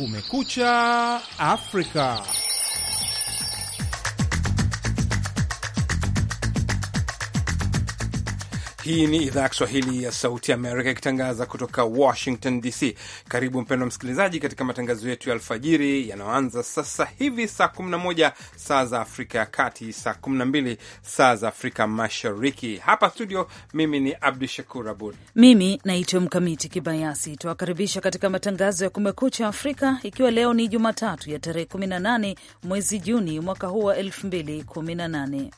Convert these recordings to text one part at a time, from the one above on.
Kumekucha Afrika. Hii ni idhaa ya Kiswahili ya Sauti Amerika ikitangaza kutoka Washington DC. Karibu mpendwa msikilizaji, katika matangazo yetu ya alfajiri yanayoanza sasa hivi saa 11 saa za Afrika ya Kati, saa 12 saa za Afrika Mashariki. Hapa studio, mimi ni Abdu Shakur Abud, mimi naitwa Mkamiti Kibayasi. Tuwakaribisha katika matangazo ya Kumekucha Afrika, ikiwa leo ni Jumatatu ya tarehe 18 mwezi Juni mwaka huu wa 2018.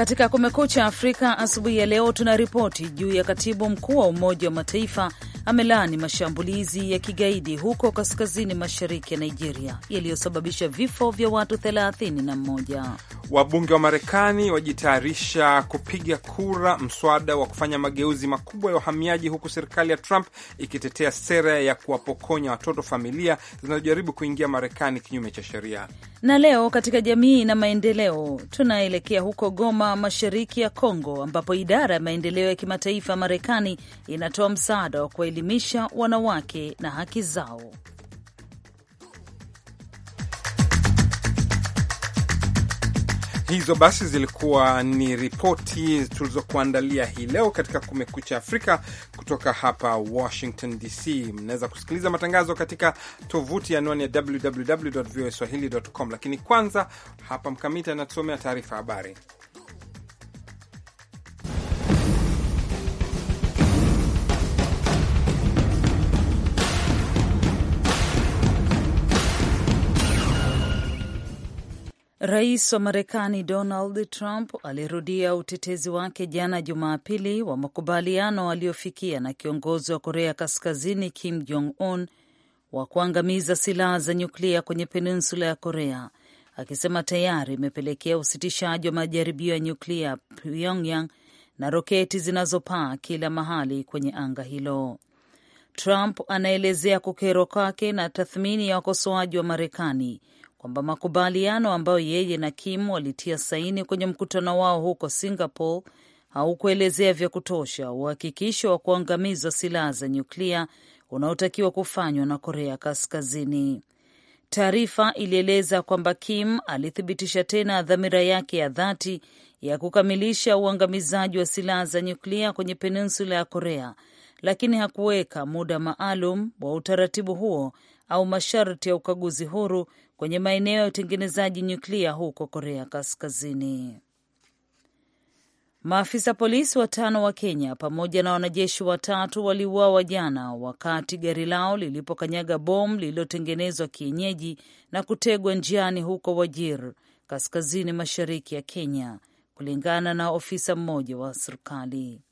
Katika Kumekucha Afrika asubuhi ya leo, tuna ripoti juu ya katibu mkuu wa Umoja wa Mataifa amelaani mashambulizi ya kigaidi huko kaskazini mashariki ya Nigeria yaliyosababisha vifo vya watu 31. Wabunge wa Marekani wajitayarisha kupiga kura mswada wa kufanya mageuzi makubwa ya uhamiaji, huku serikali ya Trump ikitetea sera ya kuwapokonya watoto familia zinazojaribu kuingia Marekani kinyume cha sheria. Na leo katika jamii na maendeleo, tunaelekea huko Goma, mashariki ya Kongo, ambapo idara ya maendeleo ya kimataifa ya Marekani inatoa msaada wa kuwaelimisha wanawake na haki zao. Hizo basi zilikuwa ni ripoti tulizokuandalia hii leo katika Kumekucha Afrika kutoka hapa Washington DC. Mnaweza kusikiliza matangazo katika tovuti anwani ya www voa swahili com, lakini kwanza hapa Mkamiti anatusomea taarifa habari. Rais wa Marekani Donald Trump alirudia utetezi wake jana Jumapili wa makubaliano aliyofikia na kiongozi wa Korea Kaskazini Kim Jong Un wa kuangamiza silaha za nyuklia kwenye peninsula ya Korea, akisema tayari imepelekea usitishaji wa majaribio ya nyuklia Pyongyang na roketi zinazopaa kila mahali kwenye anga hilo. Trump anaelezea kukerwa kwake na tathmini ya wakosoaji wa Marekani kwamba makubaliano ambayo yeye na Kim walitia saini kwenye mkutano wao huko Singapore haukuelezea vya kutosha uhakikisho wa kuangamiza silaha za nyuklia unaotakiwa kufanywa na Korea Kaskazini. Taarifa ilieleza kwamba Kim alithibitisha tena dhamira yake ya dhati ya kukamilisha uangamizaji wa silaha za nyuklia kwenye peninsula ya Korea lakini hakuweka muda maalum wa utaratibu huo au masharti ya ukaguzi huru kwenye maeneo ya utengenezaji nyuklia huko Korea Kaskazini. Maafisa polisi watano wa Kenya pamoja na wanajeshi watatu waliuawa jana wakati gari lao lilipokanyaga bomu lililotengenezwa kienyeji na kutegwa njiani huko Wajir, kaskazini mashariki ya Kenya, kulingana na ofisa mmoja wa serikali.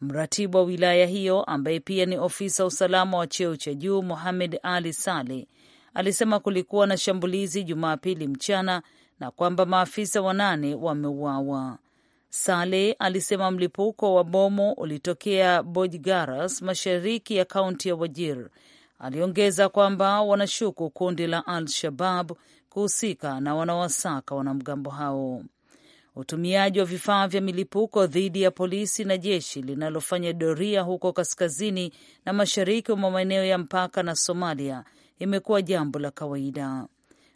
Mratibu wa wilaya hiyo ambaye pia ni ofisa usalama wa cheo cha juu Mohamed Ali Saleh alisema kulikuwa na shambulizi Jumapili mchana na kwamba maafisa wanane wameuawa. sale alisema mlipuko wa bomu ulitokea Bojgaras, mashariki ya kaunti ya Wajir. Aliongeza kwamba wanashuku kundi la Al Shabab kuhusika na wanawasaka wanamgambo hao. Utumiaji wa vifaa vya milipuko dhidi ya polisi na jeshi linalofanya doria huko kaskazini na mashariki mwa maeneo ya mpaka na Somalia imekuwa jambo la kawaida.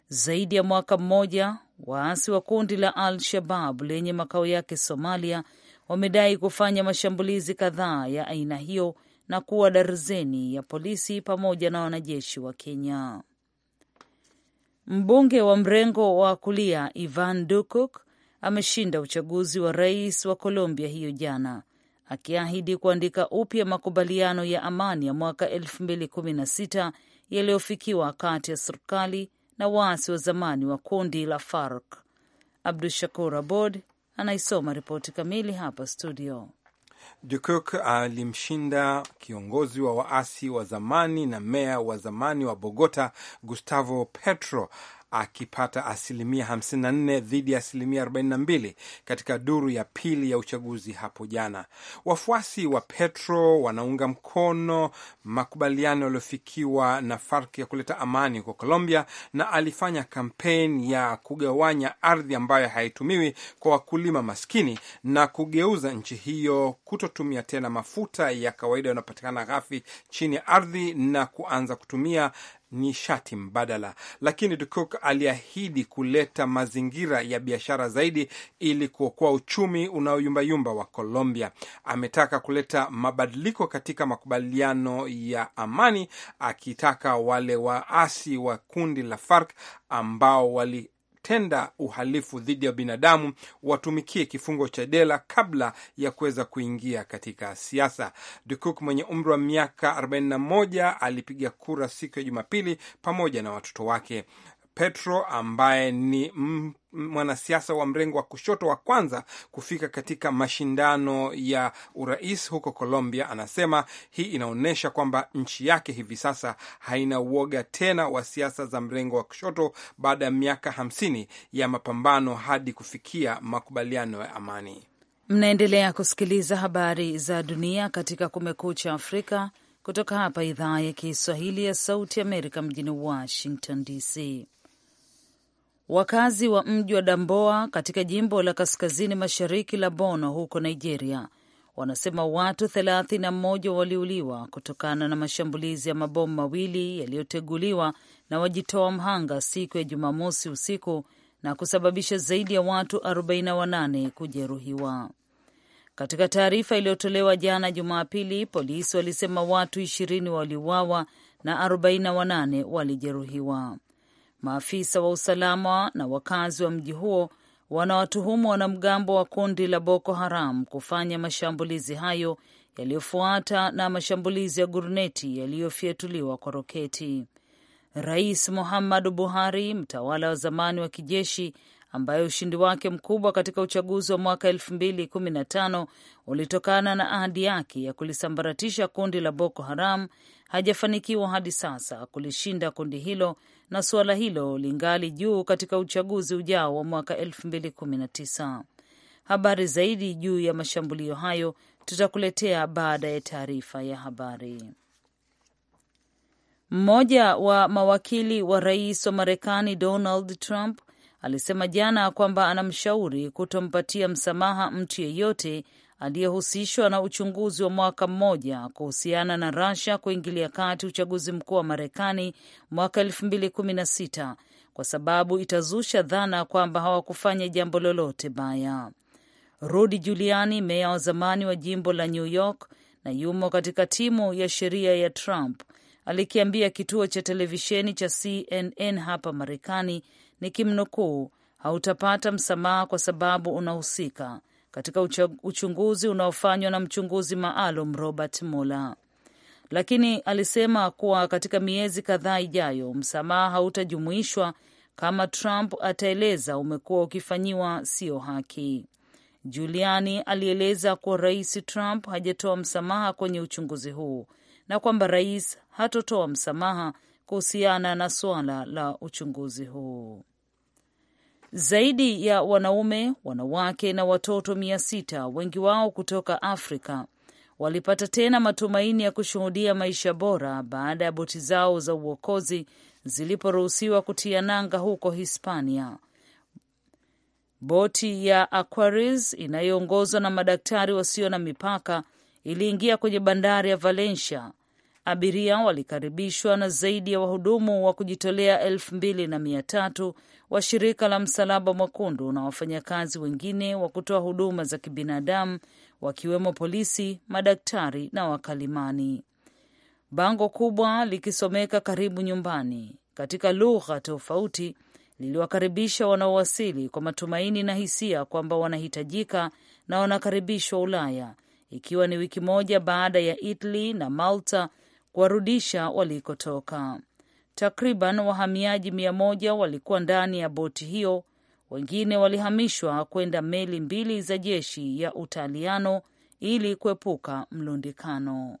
Zaidi ya mwaka mmoja, waasi wa kundi la Al-Shabab lenye makao yake Somalia wamedai kufanya mashambulizi kadhaa ya aina hiyo na kuwa darzeni ya polisi pamoja na wanajeshi wa Kenya. Mbunge wa mrengo wa kulia Ivan Dukuk ameshinda uchaguzi wa rais wa Colombia hiyo jana, akiahidi kuandika upya makubaliano ya amani ya mwaka 2016 yaliyofikiwa kati ya serikali na waasi wa zamani wa kundi la FARC. Abdu Shakur Abod anaisoma ripoti kamili hapa studio. Dukuk alimshinda kiongozi wa waasi wa zamani na meya wa zamani wa Bogota Gustavo Petro akipata asilimia 54 dhidi ya asilimia 42 katika duru ya pili ya uchaguzi hapo jana. Wafuasi wa Petro wanaunga mkono makubaliano yaliyofikiwa na FARC ya kuleta amani huko Colombia, na alifanya kampeni ya kugawanya ardhi ambayo haitumiwi kwa wakulima maskini na kugeuza nchi hiyo kutotumia tena mafuta ya kawaida yanayopatikana ghafi chini ya ardhi na kuanza kutumia nishati mbadala, lakini Dukuk aliahidi kuleta mazingira ya biashara zaidi ili kuokoa uchumi unaoyumbayumba wa Colombia. Ametaka kuleta mabadiliko katika makubaliano ya amani, akitaka wale waasi wa kundi la FARC ambao wali wanaotenda uhalifu dhidi ya binadamu watumikie kifungo cha jela kabla ya kuweza kuingia katika siasa. Dukuk mwenye umri wa miaka 41 alipiga kura siku ya Jumapili pamoja na watoto wake. Petro ambaye ni mwanasiasa wa mrengo wa kushoto wa kwanza kufika katika mashindano ya urais huko Colombia, anasema hii inaonyesha kwamba nchi yake hivi sasa haina uoga tena wa siasa za mrengo wa kushoto baada ya miaka hamsini ya mapambano hadi kufikia makubaliano ya amani. Mnaendelea kusikiliza habari za dunia katika Kumekucha Afrika kutoka hapa idhaa ya Kiswahili ya Sauti Amerika mjini Washington DC. Wakazi wa mji wa Damboa katika jimbo la kaskazini mashariki la Bono huko Nigeria wanasema watu thelathini na mmoja waliuliwa kutokana na mashambulizi ya mabomu mawili yaliyoteguliwa na wajitoa mhanga siku ya Jumamosi usiku na kusababisha zaidi ya watu 48 kujeruhiwa. Katika taarifa iliyotolewa jana Jumapili, polisi walisema watu ishirini waliuawa na 48 walijeruhiwa. Maafisa wa usalama na wakazi wa mji huo wanawatuhumu wanamgambo wa kundi la Boko Haram kufanya mashambulizi hayo yaliyofuata na mashambulizi ya guruneti yaliyofyatuliwa kwa roketi. Rais Muhammadu Buhari, mtawala wa zamani wa kijeshi ambaye ushindi wake mkubwa katika uchaguzi wa mwaka 2015 ulitokana na ahadi yake ya kulisambaratisha kundi la Boko Haram hajafanikiwa hadi sasa kulishinda kundi hilo na suala hilo lingali juu katika uchaguzi ujao wa mwaka 2019. Habari zaidi juu ya mashambulio hayo tutakuletea baada ya taarifa ya habari. Mmoja wa mawakili wa rais wa Marekani Donald Trump alisema jana kwamba anamshauri kutompatia msamaha mtu yeyote aliyehusishwa na uchunguzi wa mwaka mmoja kuhusiana na Russia kuingilia kati uchaguzi mkuu wa Marekani mwaka 2016 kwa sababu itazusha dhana kwamba hawakufanya jambo lolote baya. Rudy Giuliani, meya wa zamani wa jimbo la New York na yumo katika timu ya sheria ya Trump, alikiambia kituo cha televisheni cha CNN hapa Marekani, nikimnukuu, hautapata msamaha kwa sababu unahusika katika uchunguzi unaofanywa na mchunguzi maalum Robert Mueller, lakini alisema kuwa katika miezi kadhaa ijayo msamaha hautajumuishwa kama Trump ataeleza umekuwa ukifanyiwa sio haki. Giuliani alieleza kuwa Rais Trump hajatoa msamaha kwenye uchunguzi huu na kwamba rais hatotoa msamaha kuhusiana na suala la uchunguzi huu. Zaidi ya wanaume, wanawake na watoto mia sita, wengi wao kutoka Afrika, walipata tena matumaini ya kushuhudia maisha bora baada ya boti zao za uokozi ziliporuhusiwa kutia nanga huko Hispania. Boti ya Aquarius inayoongozwa na madaktari wasio na mipaka iliingia kwenye bandari ya Valencia Abiria walikaribishwa na zaidi ya wahudumu wa kujitolea elfu mbili na mia tatu wa shirika la Msalaba Mwekundu na wafanyakazi wengine wa kutoa huduma za kibinadamu wakiwemo polisi, madaktari na wakalimani. Bango kubwa likisomeka karibu nyumbani katika lugha tofauti liliwakaribisha wanaowasili kwa matumaini na hisia kwamba wanahitajika na wanakaribishwa Ulaya, ikiwa ni wiki moja baada ya Italy na Malta kuwarudisha walikotoka. Takriban wahamiaji mia moja walikuwa ndani ya boti hiyo, wengine walihamishwa kwenda meli mbili za jeshi ya Utaliano ili kuepuka mlundikano.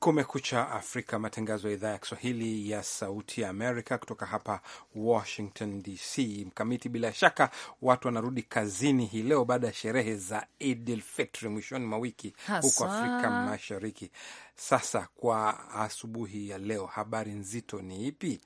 Kumekucha Afrika, matangazo ya idhaa ya Kiswahili ya Sauti ya Amerika kutoka hapa Washington DC. Mkamiti, bila shaka watu wanarudi kazini hii leo baada ya sherehe za Idil Fitri mwishoni mwa wiki huko Afrika Mashariki. Sasa kwa asubuhi ya leo, habari nzito ni ipi?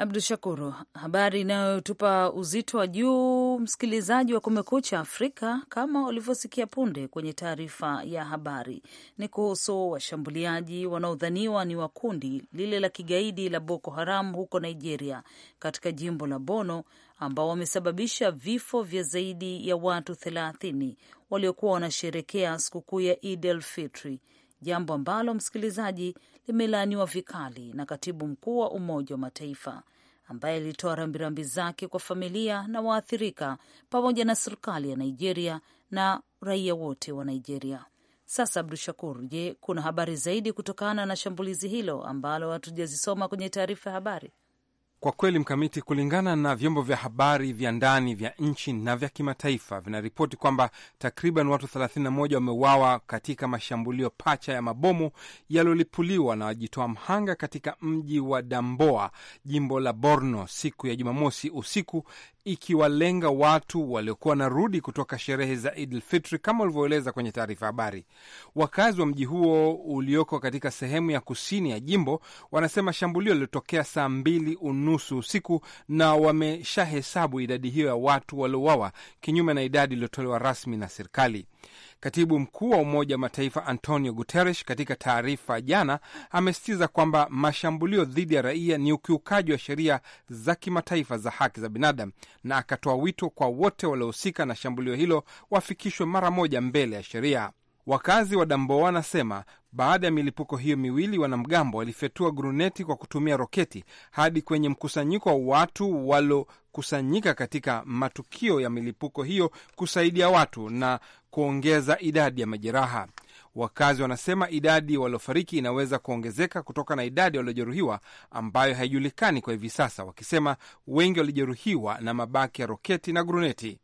Abdu Shakuru, habari inayotupa uzito wa juu msikilizaji wa Kumekucha Afrika, kama ulivyosikia punde kwenye taarifa ya habari, ni kuhusu washambuliaji wanaodhaniwa ni wa kundi lile la kigaidi la Boko Haram huko Nigeria, katika jimbo la Bono, ambao wamesababisha vifo vya zaidi ya watu thelathini waliokuwa wanasherekea sikukuu ya Id Fitri, jambo ambalo msikilizaji imelaaniwa vikali na katibu mkuu wa Umoja wa Mataifa ambaye alitoa rambirambi zake kwa familia na waathirika pamoja na serikali ya Nigeria na raia wote wa Nigeria. Sasa Abdu Shakur, je, kuna habari zaidi kutokana na shambulizi hilo ambalo hatujazisoma kwenye taarifa ya habari? Kwa kweli Mkamiti, kulingana na vyombo vya habari vya ndani vya nchi na vya kimataifa vinaripoti kwamba takriban watu 31 wameuawa katika mashambulio pacha ya mabomu yaliyolipuliwa na wajitoa mhanga katika mji wa Damboa, jimbo la Borno, siku ya Jumamosi usiku, ikiwalenga watu waliokuwa wanarudi kutoka sherehe za Idil Fitri kama ulivyoeleza kwenye taarifa habari. Wakazi wa mji huo ulioko katika sehemu ya kusini ya jimbo wanasema shambulio lilitokea saa mbili unusu usiku na wameshahesabu idadi hiyo ya watu waliowawa, kinyume na idadi iliyotolewa rasmi na serikali. Katibu mkuu wa Umoja wa Mataifa Antonio Guterres katika taarifa jana amesisitiza kwamba mashambulio dhidi ya raia ni ukiukaji wa sheria za kimataifa za haki za binadamu, na akatoa wito kwa wote waliohusika na shambulio hilo wafikishwe mara moja mbele ya sheria. Wakazi wa Damboa wanasema baada ya milipuko hiyo miwili, wanamgambo walifyatua gruneti kwa kutumia roketi hadi kwenye mkusanyiko wa watu waliokusanyika katika matukio ya milipuko hiyo kusaidia watu na kuongeza idadi ya majeraha. Wakazi wanasema idadi waliofariki inaweza kuongezeka kutoka na idadi waliojeruhiwa ambayo haijulikani kwa hivi sasa, wakisema wengi walijeruhiwa na mabaki ya roketi na gruneti.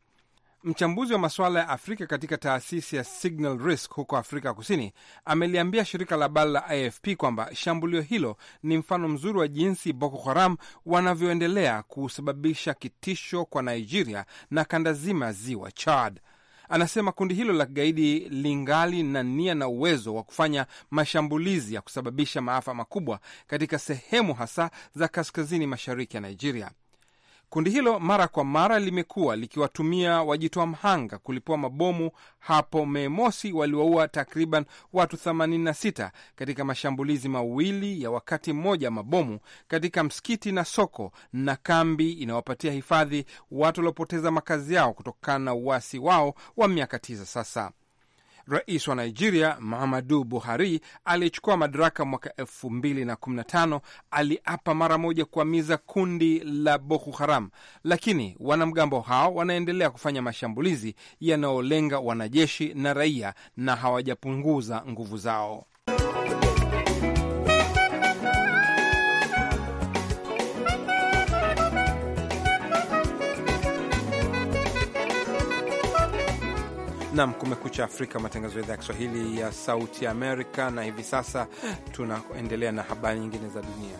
Mchambuzi wa masuala ya Afrika katika taasisi ya Signal Risk huko Afrika Kusini ameliambia shirika la habari la AFP kwamba shambulio hilo ni mfano mzuri wa jinsi Boko Haram wanavyoendelea kusababisha kitisho kwa Nigeria na kanda zima ziwa Chad. Anasema kundi hilo la kigaidi lingali na nia na uwezo wa kufanya mashambulizi ya kusababisha maafa makubwa katika sehemu hasa za kaskazini mashariki ya Nigeria. Kundi hilo mara kwa mara limekuwa likiwatumia wajitoa mhanga kulipua mabomu. Hapo Mei Mosi waliwaua takriban watu 86 katika mashambulizi mawili ya wakati mmoja mabomu katika msikiti na soko na kambi inawapatia hifadhi watu waliopoteza makazi yao kutokana na uasi wao wa miaka tisa sasa. Rais wa Nigeria Muhammadu Buhari aliyechukua madaraka mwaka 215 aliapa mara moja kuamiza kundi la Boko Haram, lakini wanamgambo hao wanaendelea kufanya mashambulizi yanayolenga wanajeshi na raia na hawajapunguza nguvu zao. Nam Kumekucha Afrika, matangazo ya idhaa ya Kiswahili ya Sauti Amerika. Na hivi sasa tunaendelea na habari nyingine za dunia.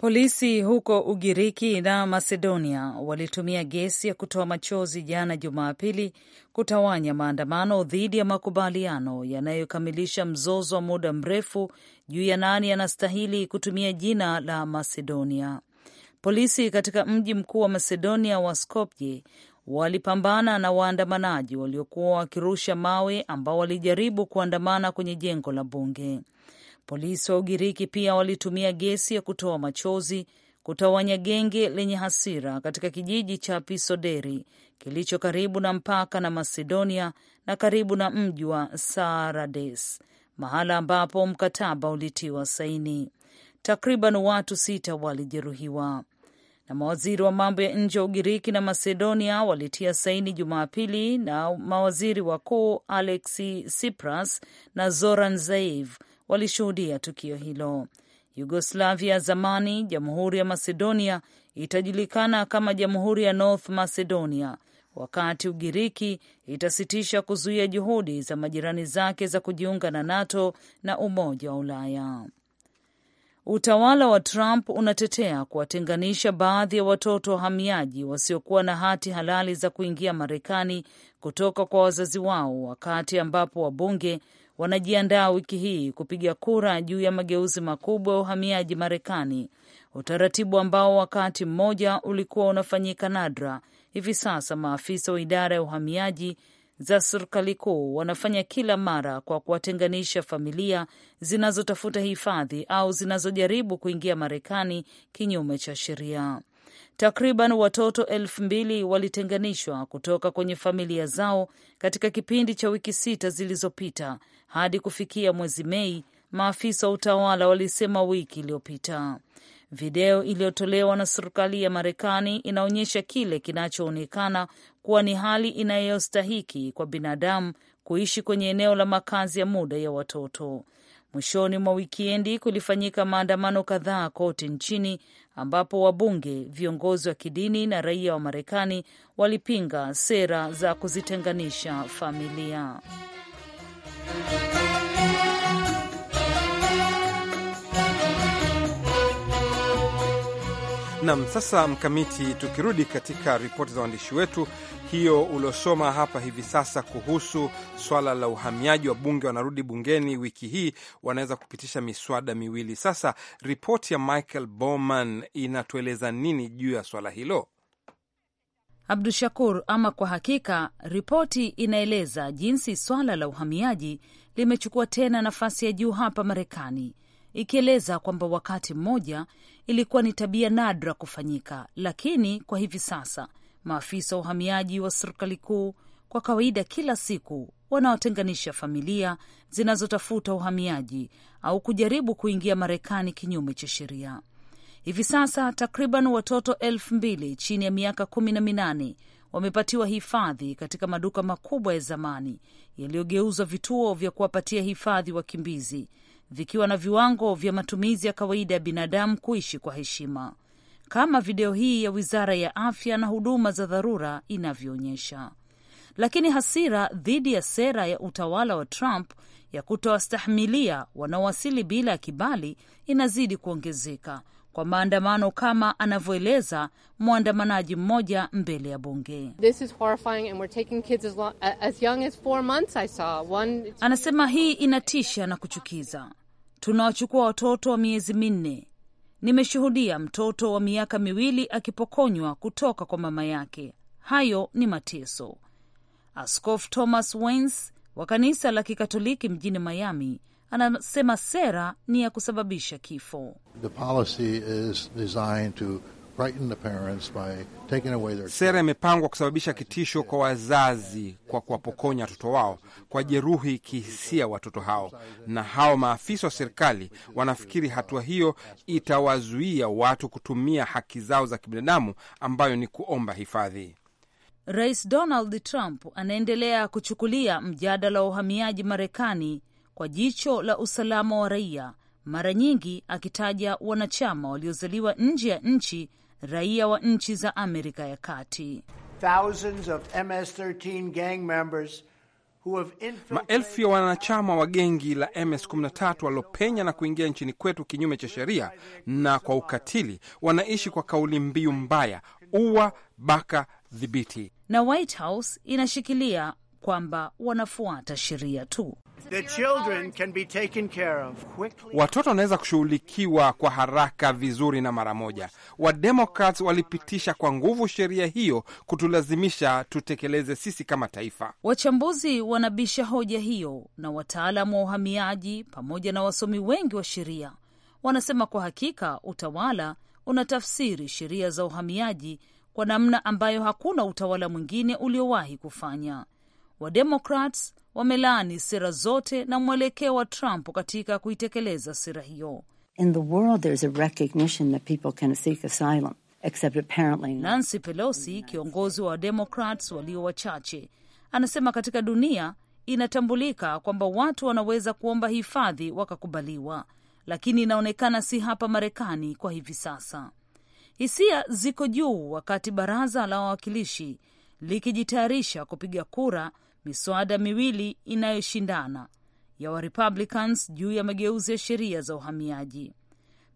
Polisi huko Ugiriki na Macedonia walitumia gesi ya kutoa machozi jana Jumapili kutawanya maandamano dhidi ya makubaliano yanayokamilisha mzozo wa muda mrefu juu ya nani anastahili kutumia jina la Macedonia. Polisi katika mji mkuu wa Macedonia wa Skopje walipambana na waandamanaji waliokuwa wakirusha mawe ambao walijaribu kuandamana kwenye jengo la bunge. Polisi wa Ugiriki pia walitumia gesi ya kutoa machozi kutawanya genge lenye hasira katika kijiji cha Pisoderi kilicho karibu na mpaka na Masedonia na karibu na mji wa Sarades, mahala ambapo mkataba ulitiwa saini. Takriban watu sita walijeruhiwa. Na mawaziri wa mambo ya nje wa Ugiriki na Masedonia walitia saini Jumapili na mawaziri wakuu Alexis Tsipras na Zoran Zaev walishuhudia tukio hilo. Yugoslavia zamani, Jamhuri ya Macedonia, itajulikana kama Jamhuri ya North Macedonia wakati Ugiriki itasitisha kuzuia juhudi za majirani zake za kujiunga na NATO na Umoja wa Ulaya. Utawala wa Trump unatetea kuwatenganisha baadhi ya watoto wahamiaji wasiokuwa na hati halali za kuingia Marekani kutoka kwa wazazi wao, wakati ambapo wabunge wanajiandaa wiki hii kupiga kura juu ya mageuzi makubwa ya uhamiaji Marekani, utaratibu ambao wakati mmoja ulikuwa unafanyika nadra. Hivi sasa maafisa wa idara ya uhamiaji za serikali kuu wanafanya kila mara kwa kuwatenganisha familia zinazotafuta hifadhi au zinazojaribu kuingia Marekani kinyume cha sheria. Takriban watoto elfu mbili walitenganishwa kutoka kwenye familia zao katika kipindi cha wiki sita zilizopita hadi kufikia mwezi Mei, maafisa wa utawala walisema wiki iliyopita. Video iliyotolewa na serikali ya Marekani inaonyesha kile kinachoonekana kuwa ni hali inayostahiki kwa binadamu kuishi kwenye eneo la makazi ya muda ya watoto. Mwishoni mwa wikiendi kulifanyika maandamano kadhaa kote nchini ambapo wabunge, viongozi wa kidini na raia wa Marekani walipinga sera za kuzitenganisha familia. Nam, sasa Mkamiti, tukirudi katika ripoti za waandishi wetu, hiyo uliosoma hapa hivi sasa kuhusu swala la uhamiaji. wa bunge wanarudi bungeni wiki hii, wanaweza kupitisha miswada miwili. Sasa ripoti ya Michael Bowman inatueleza nini juu ya swala hilo? Abdu Shakur, ama kwa hakika ripoti inaeleza jinsi swala la uhamiaji limechukua tena nafasi ya juu hapa Marekani, ikieleza kwamba wakati mmoja ilikuwa ni tabia nadra kufanyika, lakini kwa hivi sasa Maafisa wa uhamiaji wa serikali kuu kwa kawaida kila siku wanaotenganisha familia zinazotafuta uhamiaji au kujaribu kuingia Marekani kinyume cha sheria. Hivi sasa takriban watoto elfu mbili chini ya miaka kumi na minane wamepatiwa hifadhi katika maduka makubwa ya zamani yaliyogeuzwa vituo vya kuwapatia hifadhi wakimbizi, vikiwa na viwango vya matumizi ya kawaida ya binadamu kuishi kwa heshima kama video hii ya Wizara ya Afya na Huduma za Dharura inavyoonyesha. Lakini hasira dhidi ya sera ya utawala wa Trump ya kutowastahimilia wanaowasili bila ya kibali inazidi kuongezeka kwa maandamano kama anavyoeleza mwandamanaji mmoja mbele ya bunge. Anasema hii inatisha na kuchukiza. Tunawachukua watoto wa miezi minne, Nimeshuhudia mtoto wa miaka miwili akipokonywa kutoka kwa mama yake. Hayo ni mateso. Askofu Thomas Wens wa kanisa la Kikatoliki mjini Miami anasema sera ni ya kusababisha kifo. The policy is designed to Sera imepangwa kusababisha kitisho kwa wazazi kwa kuwapokonya watoto wao, kwa jeruhi kihisia watoto hao, na hao maafisa wa serikali wanafikiri hatua hiyo itawazuia watu kutumia haki zao za kibinadamu, ambayo ni kuomba hifadhi. Rais Donald Trump anaendelea kuchukulia mjadala wa uhamiaji Marekani kwa jicho la usalama wa raia, mara nyingi akitaja wanachama waliozaliwa nje ya nchi raia wa nchi za Amerika ya Kati. Maelfu ya wanachama wa gengi la MS-13 waliopenya na kuingia nchini kwetu kinyume cha sheria na kwa ukatili wanaishi kwa kauli mbiu mbaya, uwa baka dhibiti, na White House inashikilia kwamba wanafuata sheria tu. Watoto wanaweza kushughulikiwa kwa haraka vizuri na mara moja. Wademokrat walipitisha kwa nguvu sheria hiyo kutulazimisha tutekeleze sisi kama taifa. Wachambuzi wanabisha hoja hiyo na wataalamu wa uhamiaji pamoja na wasomi wengi wa sheria wanasema kwa hakika utawala unatafsiri sheria za uhamiaji kwa namna ambayo hakuna utawala mwingine uliowahi kufanya. Wademokrats wamelaani sera zote na mwelekeo wa Trump katika kuitekeleza sera hiyo. Nancy Pelosi, kiongozi wa Democrats walio wachache, anasema katika dunia inatambulika kwamba watu wanaweza kuomba hifadhi wakakubaliwa, lakini inaonekana si hapa Marekani kwa hivi sasa. Hisia ziko juu wakati baraza la wawakilishi likijitayarisha kupiga kura miswada miwili inayoshindana ya Warepublicans juu ya mageuzi ya sheria za uhamiaji.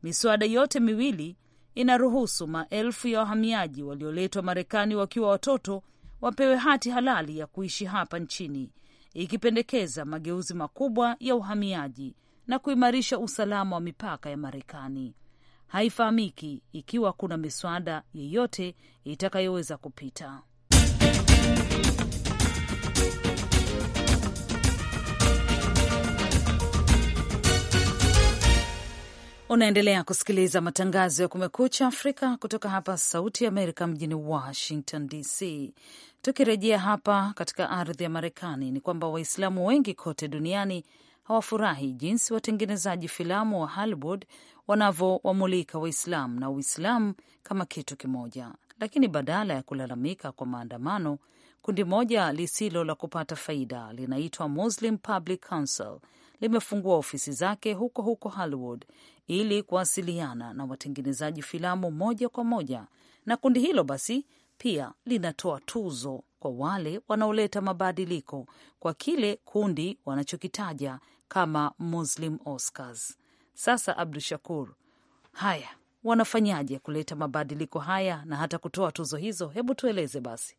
Miswada yote miwili inaruhusu maelfu ya wahamiaji walioletwa Marekani wakiwa watoto wapewe hati halali ya kuishi hapa nchini, ikipendekeza mageuzi makubwa ya uhamiaji na kuimarisha usalama wa mipaka ya Marekani. Haifahamiki ikiwa kuna miswada yeyote itakayoweza kupita. Unaendelea kusikiliza matangazo ya Kumekucha Afrika kutoka hapa Sauti ya Amerika mjini Washington DC. Tukirejea hapa katika ardhi ya Marekani, ni kwamba Waislamu wengi kote duniani hawafurahi jinsi watengenezaji filamu wa Hollywood wanavyowamulika Waislamu na Uislamu kama kitu kimoja, lakini badala ya kulalamika kwa maandamano, kundi moja lisilo la kupata faida linaitwa Muslim Public Council limefungua ofisi zake huko huko Hollywood ili kuwasiliana na watengenezaji filamu moja kwa moja, na kundi hilo basi pia linatoa tuzo kwa wale wanaoleta mabadiliko kwa kile kundi wanachokitaja kama Muslim Oscars. Sasa Abdu Shakur, haya wanafanyaje kuleta mabadiliko haya na hata kutoa tuzo hizo? Hebu tueleze basi.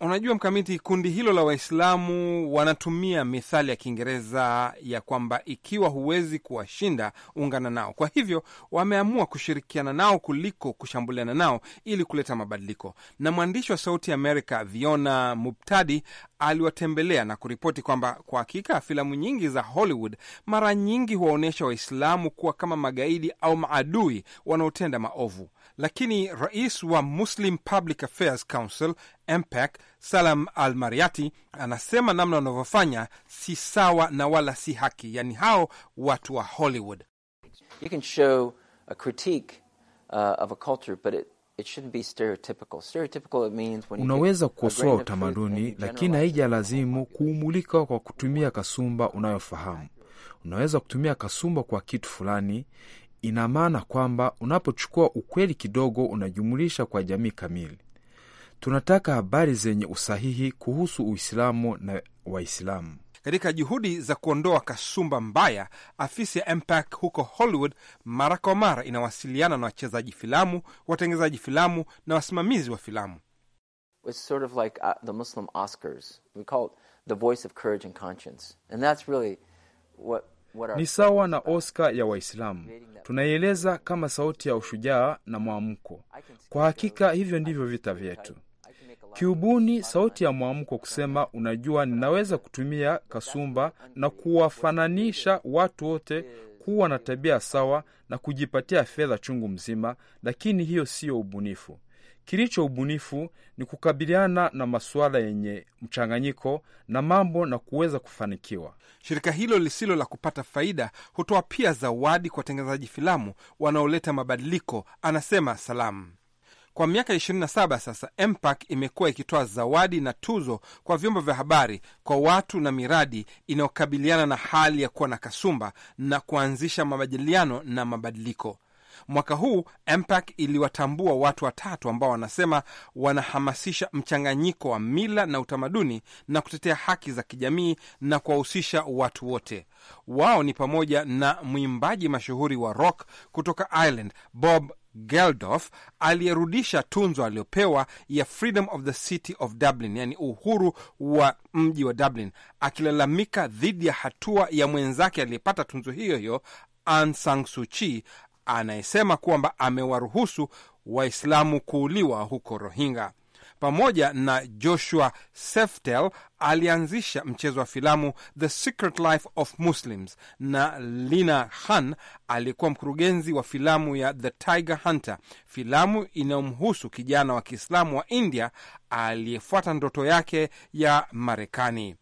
Unajua mkamiti, kundi hilo la Waislamu wanatumia methali ya Kiingereza ya kwamba ikiwa huwezi kuwashinda ungana nao. Kwa hivyo wameamua kushirikiana nao kuliko kushambuliana nao ili kuleta mabadiliko. Na mwandishi wa Sauti Amerika Viona Mubtadi aliwatembelea na kuripoti kwamba kwa hakika filamu nyingi za Hollywood mara nyingi huwaonyesha Waislamu kuwa kama magaidi au maadui wanaotenda maovu. Lakini rais wa Muslim Public Affairs Council MPAC Salam Al Mariati anasema namna wanavyofanya si sawa na wala si haki, yaani hao watu wa Hollywood. You can show a critique, uh, of a culture, but it... Unaweza kukosoa utamaduni, lakini haija lazimu kuumulika kwa kutumia kasumba unayofahamu. Unaweza kutumia kasumba kwa kitu fulani, ina maana kwamba unapochukua ukweli kidogo, unajumulisha kwa jamii kamili. Tunataka habari zenye usahihi kuhusu Uislamu na Waislamu. Katika juhudi za kuondoa kasumba mbaya, afisi ya MPAC huko Hollywood mara kwa mara inawasiliana na wachezaji filamu, watengenezaji filamu na wasimamizi wa filamu. sort of like uh, the Muslim Oscars. We call it the voice of courage and conscience. And that's really what ni sawa na Oscar ya Waislamu, tunaieleza kama sauti ya ushujaa na mwamko. Kwa hakika hivyo ndivyo vita vyetu kiubuni sauti ya mwamko kusema, unajua, ninaweza kutumia kasumba na kuwafananisha watu wote kuwa na tabia sawa na kujipatia fedha chungu mzima, lakini hiyo siyo ubunifu. Kilicho ubunifu ni kukabiliana na masuala yenye mchanganyiko na mambo na kuweza kufanikiwa. Shirika hilo lisilo la kupata faida hutoa pia zawadi kwa watengenezaji filamu wanaoleta mabadiliko, anasema Salamu. Kwa miaka 27 sasa, MPAC imekuwa ikitoa zawadi na tuzo kwa vyombo vya habari kwa watu na miradi inayokabiliana na hali ya kuwa na kasumba na kuanzisha majadiliano na mabadiliko. Mwaka huu MPAC iliwatambua watu watatu ambao wanasema wanahamasisha mchanganyiko wa mila na utamaduni na kutetea haki za kijamii na kuwahusisha watu wote. Wao ni pamoja na mwimbaji mashuhuri wa rock kutoka Ireland Bob Geldof aliyerudisha tunzo aliyopewa ya Freedom of the City of Dublin, yani uhuru wa mji wa Dublin, akilalamika dhidi ya hatua ya mwenzake aliyepata tunzo hiyo hiyo Aung San Suu Kyi, anayesema kwamba amewaruhusu Waislamu kuuliwa huko Rohingya pamoja na Joshua Seftel alianzisha mchezo wa filamu The Secret Life of Muslims, na Lina Han aliyekuwa mkurugenzi wa filamu ya The Tiger Hunter, filamu inayomhusu kijana wa Kiislamu wa India aliyefuata ndoto yake ya Marekani.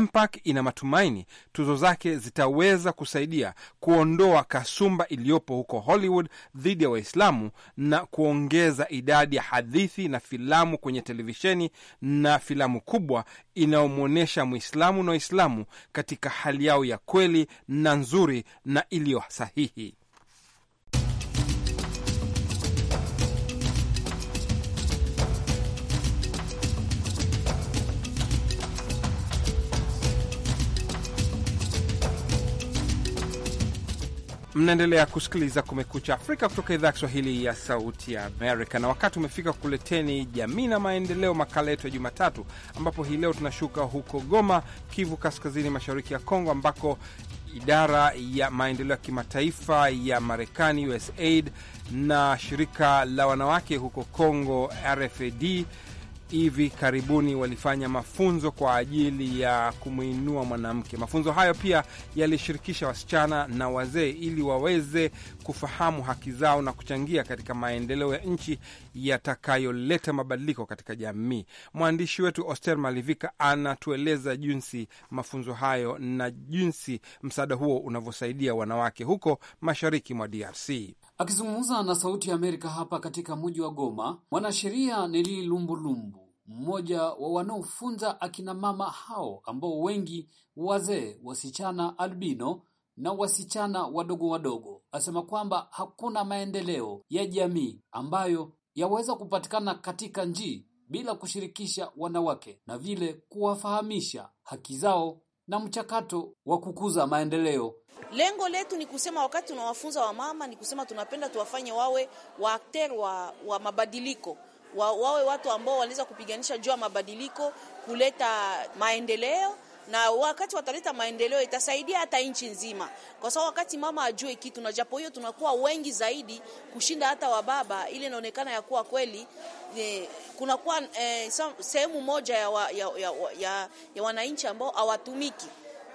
MPAC ina matumaini tuzo zake zitaweza kusaidia kuondoa kasumba iliyopo huko Hollywood dhidi ya Waislamu na kuongeza idadi ya hadithi na filamu kwenye televisheni na filamu kubwa inayomwonyesha Mwislamu na Waislamu katika hali yao ya kweli na nzuri na iliyo sahihi. Mnaendelea kusikiliza Kumekucha Afrika kutoka idhaa ya Kiswahili ya Sauti ya Amerika, na wakati umefika kuleteni Jamii na Maendeleo, makala yetu ya Jumatatu, ambapo hii leo tunashuka huko Goma, Kivu Kaskazini, mashariki ya Kongo, ambako idara ya maendeleo ya kimataifa ya Marekani, USAID, na shirika la wanawake huko Kongo, RFD hivi karibuni walifanya mafunzo kwa ajili ya kumwinua mwanamke. Mafunzo hayo pia yalishirikisha wasichana na wazee ili waweze kufahamu haki zao na kuchangia katika maendeleo ya nchi yatakayoleta mabadiliko katika jamii. Mwandishi wetu Oster Malivika anatueleza jinsi mafunzo hayo na jinsi msaada huo unavyosaidia wanawake huko mashariki mwa DRC. Akizungumza na Sauti ya Amerika hapa katika mji wa Goma, mwanasheria Neli Lumbulumbu mmoja wa wanaofunza akina mama hao ambao wengi wazee, wasichana albino na wasichana wadogo wadogo, asema kwamba hakuna maendeleo ya jamii ambayo yaweza kupatikana katika njii bila kushirikisha wanawake na vile kuwafahamisha haki zao na mchakato wa kukuza maendeleo. Lengo letu ni kusema, wakati tunawafunza wamama, ni kusema tunapenda tuwafanye wawe waakter wa, wa mabadiliko wa, wawe watu ambao wanaweza kupiganisha juu ya mabadiliko, kuleta maendeleo na wakati wataleta maendeleo itasaidia hata nchi nzima, kwa sababu wakati mama ajue kitu, na japo hiyo tunakuwa wengi zaidi kushinda hata wa baba ile inaonekana ya kuwa kweli e, kunakuwa e, sehemu moja ya, wa, ya, ya, ya, ya wananchi ambao hawatumiki.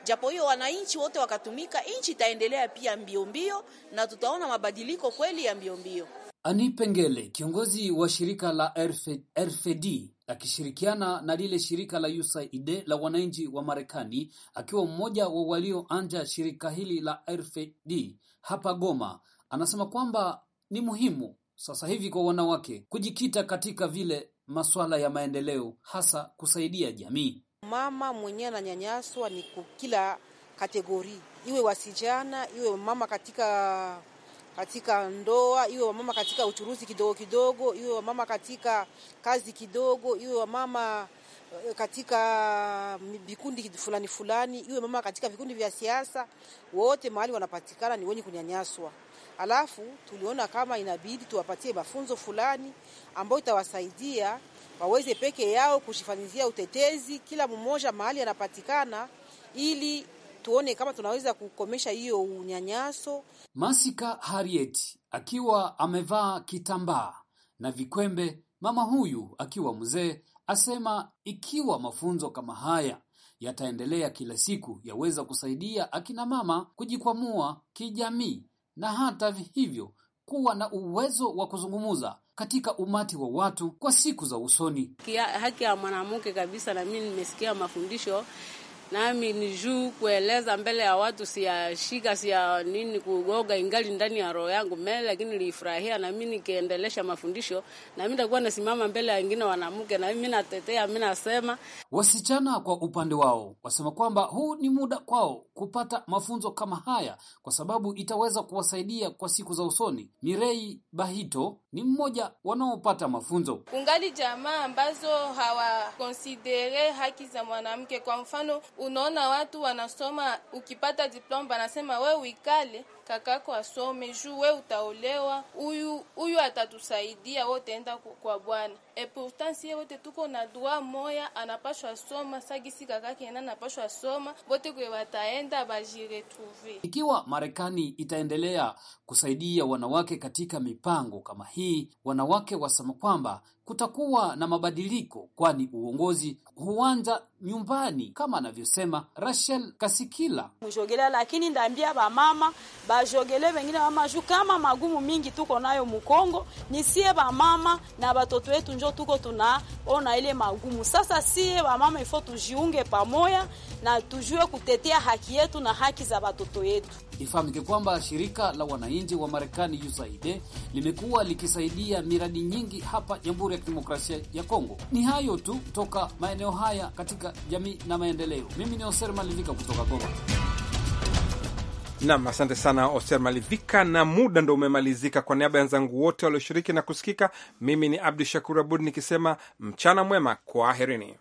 Japo hiyo wananchi wote wakatumika, nchi itaendelea pia mbio mbio, na tutaona mabadiliko kweli ya mbio mbio ani Pengele kiongozi wa shirika la RFD akishirikiana na lile shirika la USAID la wananchi wa Marekani akiwa mmoja wa walioanja shirika hili la RFD hapa Goma anasema kwamba ni muhimu sasa hivi kwa wanawake kujikita katika vile masuala ya maendeleo hasa kusaidia jamii. Mama mwenyewe ananyanyaswa ni kila kategori, iwe wasijana, iwe mama katika katika ndoa, iwe wamama katika uchuruzi kidogo kidogo, iwe wamama katika kazi kidogo, iwe wamama eh, katika mm, vikundi fulani fulani, iwe mama katika vikundi vya siasa, wote mahali wanapatikana ni wenye kunyanyaswa. Alafu tuliona kama inabidi tuwapatie mafunzo fulani ambayo itawasaidia waweze peke yao kushifanyizia utetezi, kila mmoja mahali anapatikana, ili tuone kama tunaweza kukomesha hiyo unyanyaso. Masika Harriet akiwa amevaa kitambaa na vikwembe, mama huyu akiwa mzee asema ikiwa mafunzo kama haya yataendelea kila siku, yaweza kusaidia akina mama kujikwamua kijamii na hata hivyo kuwa na uwezo wa kuzungumza katika umati wa watu kwa siku za usoni. Kia, haki ya mwanamke kabisa, na mimi nimesikia mafundisho nami ni juu kueleza mbele ya watu, siyashika siya nini kugoga, ingali ndani ya roho yangu mele, lakini nilifurahia nami nikiendelesha mafundisho, na mimi nitakuwa nasimama mbele ya wengine wanamke, na mimi natetea, mimi nasema. Wasichana kwa upande wao wasema kwamba huu ni muda kwao kupata mafunzo kama haya, kwa sababu itaweza kuwasaidia kwa siku za usoni. Mirei Bahito ni mmoja wanaopata mafunzo. Kungali jamaa ambazo hawakonsidere haki za mwanamke, kwa mfano unaona watu wanasoma, ukipata diploma wanasema we uikale kakako asome juu we utaolewa, huyu huyu atatusaidia wote, enda kwa Bwana. E, pourtant sie wote tuko na dua moya, anapashwa soma sagisi kakake ena anapashwa soma, wote kwe wataenda bajiretrouve. Ikiwa Marekani itaendelea kusaidia wanawake katika mipango kama hii, wanawake wasema kwamba kutakuwa na mabadiliko, kwani uongozi huanza nyumbani, kama anavyosema Rachel Kasikila Mujogela, lakini ndaambia mama ba bajogele vengine bamaju kama magumu mingi tuko nayo Mukongo, ni sie bamama na batoto wetu njo tuko tunaona ile magumu. Sasa sie bamama ifo tujiunge pamoya na tujue kutetea haki yetu na haki za batoto yetu. Ifahamike kwamba shirika la wananchi wa Marekani USAID limekuwa likisaidia miradi nyingi hapa Jamhuri ya Kidemokrasia ya Kongo. Ni hayo tu kutoka maeneo haya katika jamii na maendeleo. Mimi ni Oser Malivika kutoka Goma. Nam, asante sana Oster Malivika, na muda ndo umemalizika. Kwa niaba ya wenzangu wote walioshiriki na kusikika, mimi ni Abdu Shakur Abud nikisema mchana mwema, kwaherini.